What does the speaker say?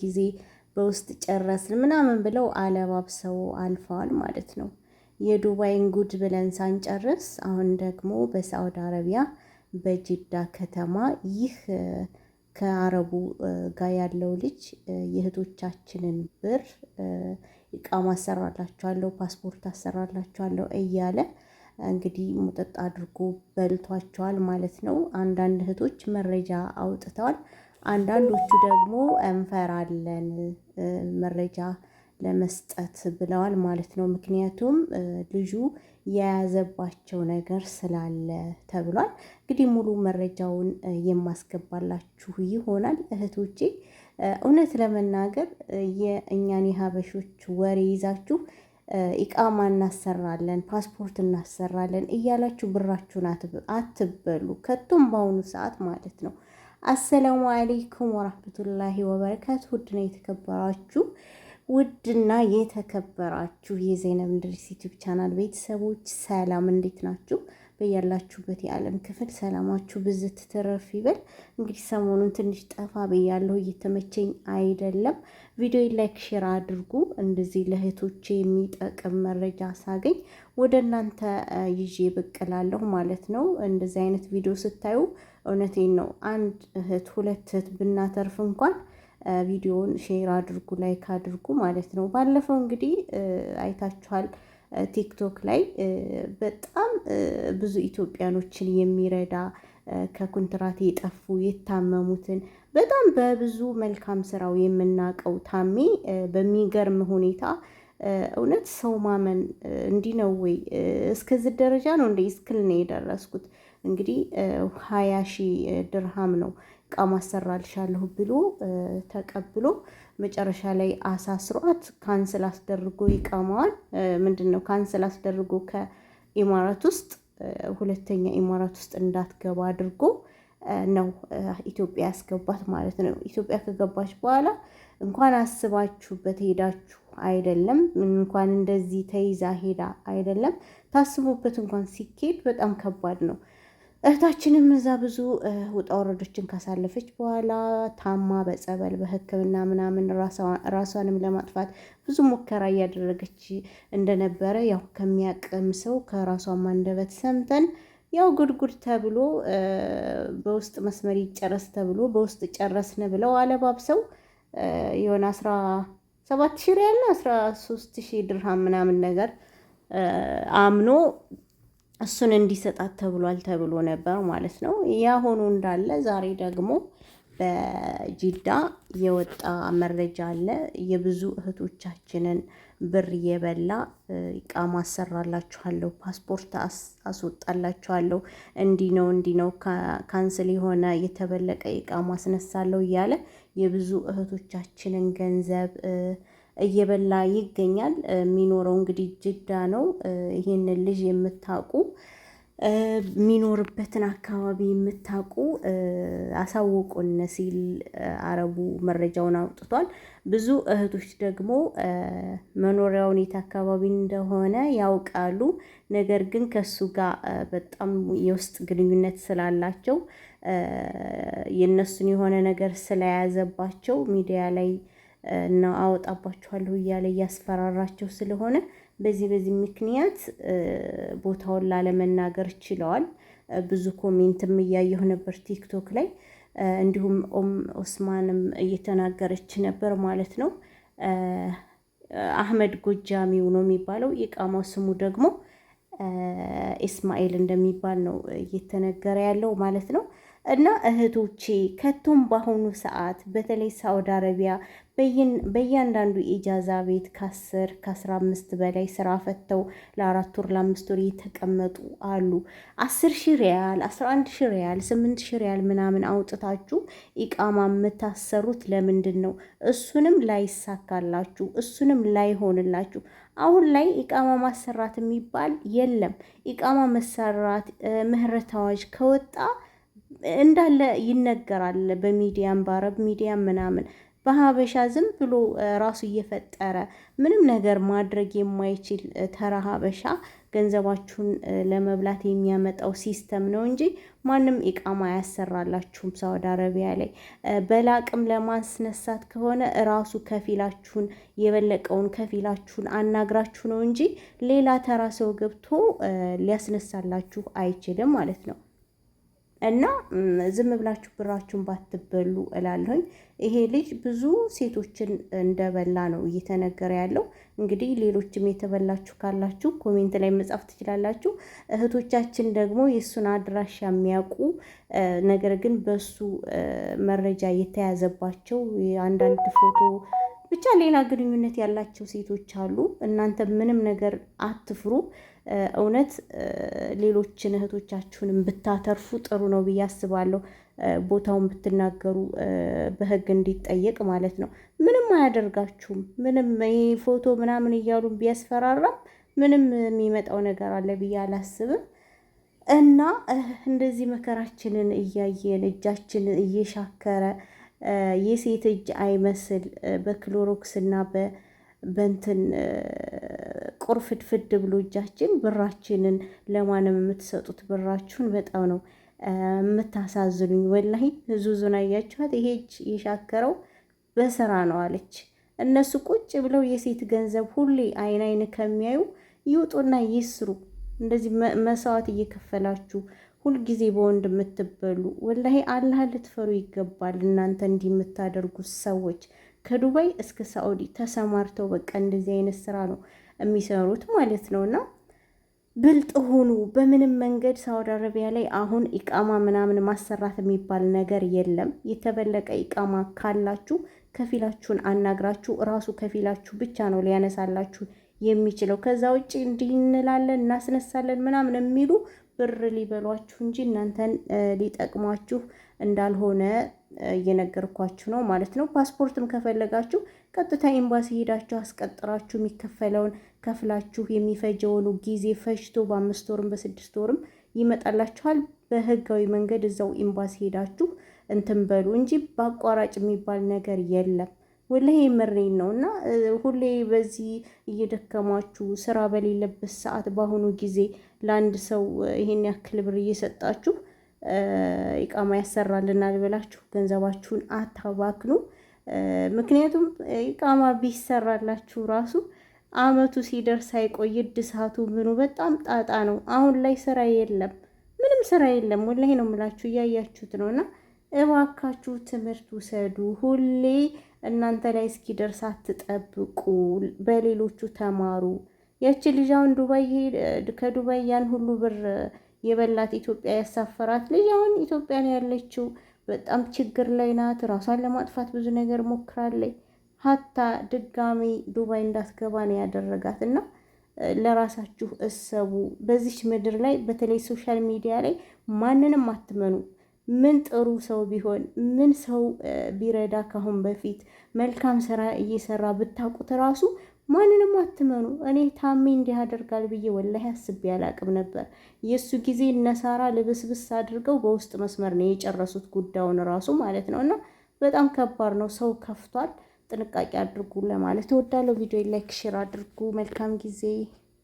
ጊዜ በውስጥ ጨረስን ምናምን ብለው አለባብሰው አልፈዋል ማለት ነው። የዱባይን ጉድ ብለን ሳንጨርስ አሁን ደግሞ በሳውዲ አረቢያ በጅዳ ከተማ ይህ ከአረቡ ጋር ያለው ልጅ የእህቶቻችንን ብር ኢቃማ አሰራላችኋለሁ፣ ፓስፖርት አሰራላችኋለሁ እያለ እንግዲህ ሙጠጥ አድርጎ በልቷቸዋል ማለት ነው። አንዳንድ እህቶች መረጃ አውጥተዋል። አንዳንዶቹ ደግሞ እንፈራለን መረጃ ለመስጠት ብለዋል ማለት ነው። ምክንያቱም ልጁ የያዘባቸው ነገር ስላለ ተብሏል። እንግዲህ ሙሉ መረጃውን የማስገባላችሁ ይሆናል እህቶቼ። እውነት ለመናገር የእኛን የሀበሾች ወሬ ይዛችሁ ኢቃማ እናሰራለን፣ ፓስፖርት እናሰራለን እያላችሁ ብራችሁን አትበሉ ከቶም በአሁኑ ሰዓት ማለት ነው። አሰላሙ አሌይኩም ወራህመቱላሂ ወበረካቱ። ውድና የተከበራችሁ ውድና የተከበራችሁ የዘይነብ እንድሪስ ዩቲዩብ ቻናል ቤተሰቦች ሰላም፣ እንዴት ናችሁ? በያላችሁበት የዓለም ክፍል ሰላማችሁ ብዝት ትረፍ ይበል። እንግዲህ ሰሞኑን ትንሽ ጠፋ ብያለሁ፣ እየተመቸኝ አይደለም። ቪዲዮ ላይክ፣ ሼር አድርጉ። እንደዚህ ለእህቶቼ የሚጠቅም መረጃ ሳገኝ ወደ እናንተ ይዤ ብቅ ማለት ነው። እንደዚህ አይነት ቪዲዮ ስታዩ እውነቴን ነው አንድ እህት ሁለት እህት ብናተርፍ እንኳን ቪዲዮውን ሼር አድርጉ ላይክ አድርጉ ማለት ነው። ባለፈው እንግዲህ አይታችኋል። ቲክቶክ ላይ በጣም ብዙ ኢትዮጵያኖችን የሚረዳ ከኮንትራት የጠፉ የታመሙትን በጣም በብዙ መልካም ስራው የምናውቀው ታሜ በሚገርም ሁኔታ እውነት ሰው ማመን እንዲህ ነው ወይ? እስከዚህ ደረጃ ነው እንደ እስክል ነው የደረስኩት። እንግዲህ ሀያ ሺህ ድርሃም ነው እቃ ማሰራልሻለሁ ብሎ ተቀብሎ መጨረሻ ላይ አሳስሯት ካንስል አስደርጎ ይቃማዋል ምንድን ነው ካንስል አስደርጎ ከኢማራት ውስጥ ሁለተኛ ኢማራት ውስጥ እንዳትገባ አድርጎ ነው ኢትዮጵያ ያስገባት ማለት ነው። ኢትዮጵያ ከገባች በኋላ እንኳን አስባችሁበት ሄዳችሁ አይደለም እንኳን እንደዚህ ተይዛ ሄዳ አይደለም ታስቡበት እንኳን ሲኬድ በጣም ከባድ ነው። እህታችንም እዛ ብዙ ውጣ ወረዶችን ካሳለፈች በኋላ ታማ በጸበል በሕክምና ምናምን ራሷንም ለማጥፋት ብዙ ሙከራ እያደረገች እንደነበረ ያው ከሚያቅም ሰው ከራሷ አንደበት ሰምተን ያው ጉድጉድ ተብሎ በውስጥ መስመር ይጨረስ ተብሎ በውስጥ ጨረስን ብለው አለባብሰው የሆነ አስራ ሰባት ሺህ ሪያልና አስራ ሶስት ሺ ድርሃም ምናምን ነገር አምኖ እሱን እንዲሰጣት ተብሏል ተብሎ ነበር ማለት ነው። ያ ሆኖ እንዳለ ዛሬ ደግሞ በጂዳ የወጣ መረጃ አለ። የብዙ እህቶቻችንን ብር የበላ ኢቃማ አሰራላችኋለሁ፣ ፓስፖርት አስወጣላችኋለሁ፣ እንዲህ ነው እንዲህ ነው ካንስል የሆነ የተበለቀ ኢቃማ አስነሳለሁ እያለ የብዙ እህቶቻችንን ገንዘብ እየበላ ይገኛል። የሚኖረው እንግዲህ ጅዳ ነው። ይህንን ልጅ የምታውቁ የሚኖርበትን አካባቢ የምታውቁ አሳውቁን ሲል አረቡ መረጃውን አውጥቷል። ብዙ እህቶች ደግሞ መኖሪያ ሁኔታ አካባቢ እንደሆነ ያውቃሉ። ነገር ግን ከሱ ጋር በጣም የውስጥ ግንኙነት ስላላቸው የእነሱን የሆነ ነገር ስለያዘባቸው ሚዲያ ላይ እና አወጣባችኋለሁ እያለ እያስፈራራቸው ስለሆነ በዚህ በዚህ ምክንያት ቦታውን ላለመናገር ችለዋል። ብዙ ኮሜንትም እያየሁ ነበር ቲክቶክ ላይ እንዲሁም ኦም ኦስማንም እየተናገረች ነበር ማለት ነው። አህመድ ጎጃሚው ነው የሚባለው የቃማው ስሙ ደግሞ ኢስማኤል እንደሚባል ነው እየተነገረ ያለው ማለት ነው። እና እህቶቼ ከቶም በአሁኑ ሰዓት በተለይ ሳውዲ አረቢያ በእያንዳንዱ ኢጃዛ ቤት ከአስር ከአስራ አምስት በላይ ስራ ፈተው ለአራት ወር ለአምስት ወር እየተቀመጡ አሉ። አስር ሺ ሪያል አስራ አንድ ሺ ሪያል ስምንት ሺ ሪያል ምናምን አውጥታችሁ ኢቃማ የምታሰሩት ለምንድን ነው? እሱንም ላይሳካላችሁ፣ እሱንም ላይሆንላችሁ አሁን ላይ ኢቃማ ማሰራት የሚባል የለም። ኢቃማ መሰራት ምህረት አዋጅ ከወጣ እንዳለ ይነገራል በሚዲያም በአረብ ሚዲያም ምናምን በሀበሻ ዝም ብሎ ራሱ እየፈጠረ ምንም ነገር ማድረግ የማይችል ተራ ሀበሻ ገንዘባችሁን ለመብላት የሚያመጣው ሲስተም ነው እንጂ ማንም ኢቃማ አያሰራላችሁም። ሳውዲ አረቢያ ላይ በላቅም ለማስነሳት ከሆነ ራሱ ከፊላችሁን የበለቀውን ከፊላችሁን አናግራችሁ ነው እንጂ ሌላ ተራ ሰው ገብቶ ሊያስነሳላችሁ አይችልም ማለት ነው። እና ዝም ብላችሁ ብራችሁን ባትበሉ እላለሁኝ። ይሄ ልጅ ብዙ ሴቶችን እንደበላ ነው እየተነገረ ያለው። እንግዲህ ሌሎችም የተበላችሁ ካላችሁ ኮሜንት ላይ መጻፍ ትችላላችሁ። እህቶቻችን ደግሞ የእሱን አድራሻ የሚያውቁ ነገር ግን በሱ መረጃ የተያዘባቸው የአንዳንድ ፎቶ ብቻ ሌላ ግንኙነት ያላቸው ሴቶች አሉ። እናንተ ምንም ነገር አትፍሩ። እውነት ሌሎችን እህቶቻችሁንም ብታተርፉ ጥሩ ነው ብዬ አስባለሁ። ቦታውን ብትናገሩ በህግ እንዲጠየቅ ማለት ነው። ምንም አያደርጋችሁም። ምንም ፎቶ ምናምን እያሉ ቢያስፈራራም ምንም የሚመጣው ነገር አለ ብዬ አላስብም። እና እንደዚህ መከራችንን እያየን እጃችን እየሻከረ የሴት እጅ አይመስል በክሎሮክስ እና በ በንትን ቁርፍድፍድ ብሎ እጃችን ብራችንን ለማንም የምትሰጡት ብራችሁን በጣም ነው የምታሳዝኑኝ። ወላሂ ዙዙን አያችኋት? ይሄ እጅ የሻከረው በስራ ነው አለች። እነሱ ቁጭ ብለው የሴት ገንዘብ ሁሌ አይን አይን ከሚያዩ ይውጡና ይስሩ። እንደዚህ መስዋዕት እየከፈላችሁ ሁልጊዜ በወንድ የምትበሉ ወላሂ አላህ ልትፈሩ ይገባል። እናንተ እንዲህ የምታደርጉት ሰዎች ከዱባይ እስከ ሳኡዲ ተሰማርተው በቃ እንደዚህ አይነት ስራ ነው የሚሰሩት ማለት ነው። እና ብልጥ ሆኑ በምንም መንገድ ሳውዲ አረቢያ ላይ አሁን ኢቃማ ምናምን ማሰራት የሚባል ነገር የለም። የተበለቀ ኢቃማ ካላችሁ ከፊላችሁን አናግራችሁ እራሱ ከፊላችሁ ብቻ ነው ሊያነሳላችሁ የሚችለው። ከዛ ውጭ እንዲህ እንላለን እናስነሳለን ምናምን የሚሉ ብር ሊበሏችሁ እንጂ እናንተን ሊጠቅሟችሁ እንዳልሆነ እየነገርኳችሁ ነው ማለት ነው። ፓስፖርትም ከፈለጋችሁ ቀጥታ ኤምባሲ ሄዳችሁ አስቀጥራችሁ የሚከፈለውን ከፍላችሁ የሚፈጀውን ጊዜ ፈጅቶ በአምስት ወርም በስድስት ወርም ይመጣላችኋል። በህጋዊ መንገድ እዛው ኤምባሲ ሄዳችሁ እንትን በሉ እንጂ በአቋራጭ የሚባል ነገር የለም። ወላሂ የምሬን ነው እና ሁሌ በዚህ እየደከማችሁ ስራ በሌለበት ሰዓት በአሁኑ ጊዜ ለአንድ ሰው ይሄን ያክል ብር እየሰጣችሁ ኢቃማ ያሰራልናል ብላችሁ ገንዘባችሁን አታባክኑ። ምክንያቱም ኢቃማ ቢሰራላችሁ ራሱ አመቱ ሲደርስ አይቆይ እድሳቱ ምኑ በጣም ጣጣ ነው። አሁን ላይ ስራ የለም፣ ምንም ስራ የለም። ወላሂ ነው የምላችሁ፣ እያያችሁት ነው እና እባካችሁ ትምህርት ውሰዱ ሁሌ እናንተ ላይ እስኪደርስ አትጠብቁ፣ በሌሎቹ ተማሩ። ያቺ ልጅ አሁን ዱባይ ከዱባይ ያን ሁሉ ብር የበላት ኢትዮጵያ ያሳፈራት ልጅ አሁን ኢትዮጵያ ያለችው። በጣም ችግር ላይ ናት። ራሷን ለማጥፋት ብዙ ነገር ሞክራለች። ሀታ ድጋሚ ዱባይ እንዳትገባ ነው ያደረጋት እና ለራሳችሁ እሰቡ። በዚች ምድር ላይ በተለይ ሶሻል ሚዲያ ላይ ማንንም አትመኑ። ምን ጥሩ ሰው ቢሆን ምን ሰው ቢረዳ ካሁን በፊት መልካም ስራ እየሰራ ብታውቁት ራሱ ማንንም አትመኑ። እኔ ታሜ እንዲህ አደርጋል ብዬ ወላሂ አስቤ አላቅም ነበር። የእሱ ጊዜ እነሳራ ልብስብስ አድርገው በውስጥ መስመር ነው የጨረሱት ጉዳዩን ራሱ ማለት ነው። እና በጣም ከባድ ነው። ሰው ከፍቷል። ጥንቃቄ አድርጉ ለማለት እወዳለሁ። ቪዲዮ ላይክ፣ ሼር አድርጉ። መልካም ጊዜ